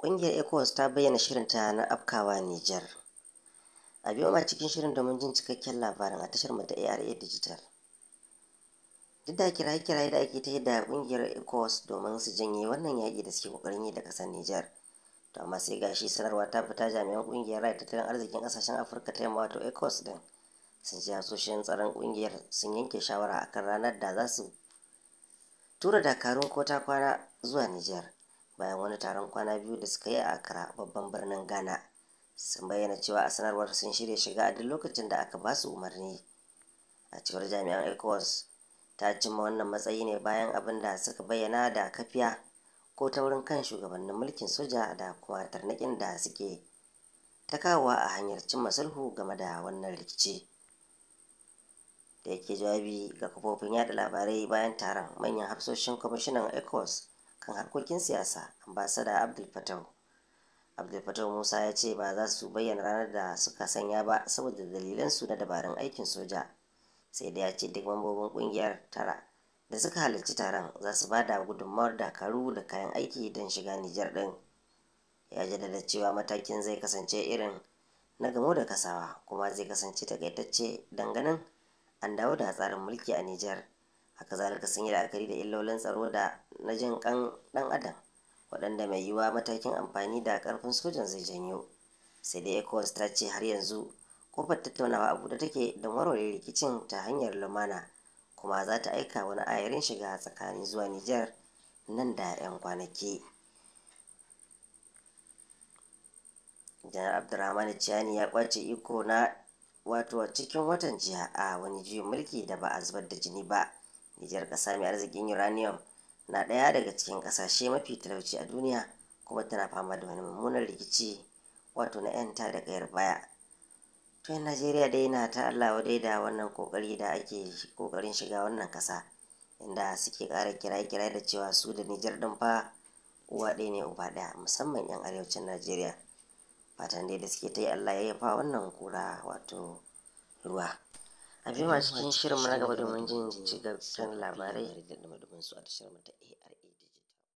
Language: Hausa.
Ƙungiyar ECOWAS ta bayyana shirin ta na afkawa Nijar. A biyu ma cikin shirin domin jin cikakken labarin a tashar mu ta ARA Digital. Duk da kiraye-kiraye da ake ta yi da ƙungiyar ECOWAS domin su janye wannan yaƙi da suke ƙoƙarin yi da ƙasar Nijar. To amma sai gashi sanarwa ta fita jami'an ƙungiyar rai tattalin arzikin ƙasashen Afirka ta yamma wato ECOWAS din. Sun ji asoshin tsaron ƙungiyar sun yanke shawara akan ranar da za su tura dakarun ko ta kwana zuwa Nijar. bayan wani taron kwana biyu da suka yi a Accra babban birnin Ghana. Sun bayyana cewa a sanarwar sun shirya shiga a duk lokacin da aka ba su umarni. A cewar jami'an ECOWAS ta cimma wannan matsayi ne bayan abin da suka bayyana da kafiya ko taurin kan shugabannin mulkin soja da kuma tarnaƙin da suke ta kawowa a hanyar cimma sulhu game da wannan rikici. da yake jawabi ga kafofin yada labarai bayan taron manyan hafsoshin kwamishinan ECOWAS kan harkokin siyasa ambasada abdul abdulfatau abdul musa ya ce ba za su bayyana ranar da suka sanya ba saboda dalilan su na dabarun aikin soja sai da ya ce duk mambobin kungiyar tara da suka halarci taron za su ba da gudunmawar dakaru da kayan aiki don shiga nijar din ya jaddada cewa matakin zai kasance irin na gamo da kasawa kuma zai kasance takaitacce ganin an dawo da tsarin mulki a nijar haka zalika sun yi la'akari da illolin tsaro da na jin kan dan adam waɗanda mai yiwuwa matakin amfani da karfin sojan zai janyo sai dai ecowas ta ce har yanzu kofar tattaunawa a buɗe take da warware rikicin ta hanyar lumana kuma za ta aika wani ayarin shiga tsakanin zuwa nijar nan da 'yan kwanaki janar abdurrahman ciyani ya kwace iko na wato cikin watan jiya a wani juyin mulki da ba a zubar da jini ba Nijar ƙasa mai arzikin uranium na ɗaya daga cikin ƙasashe mafi talauci a duniya kuma tana fama da wani mummunan rikici wato na 'yanta daga yar baya. To Najeriya dai na ta Allah wadai da wannan ƙoƙari da ake ƙoƙarin shiga wannan ƙasa inda suke ƙara kira-kira da cewa su da Nijar ɗin fa uwa ɗaya ne uba ɗaya musamman 'yan arewacin Najeriya. Fatan dai da suke ta yi Allah ya fa wannan kura wato ruwa. a biyu cikin shirin mana gaba domin jin cikakken labarai da su a tashar mata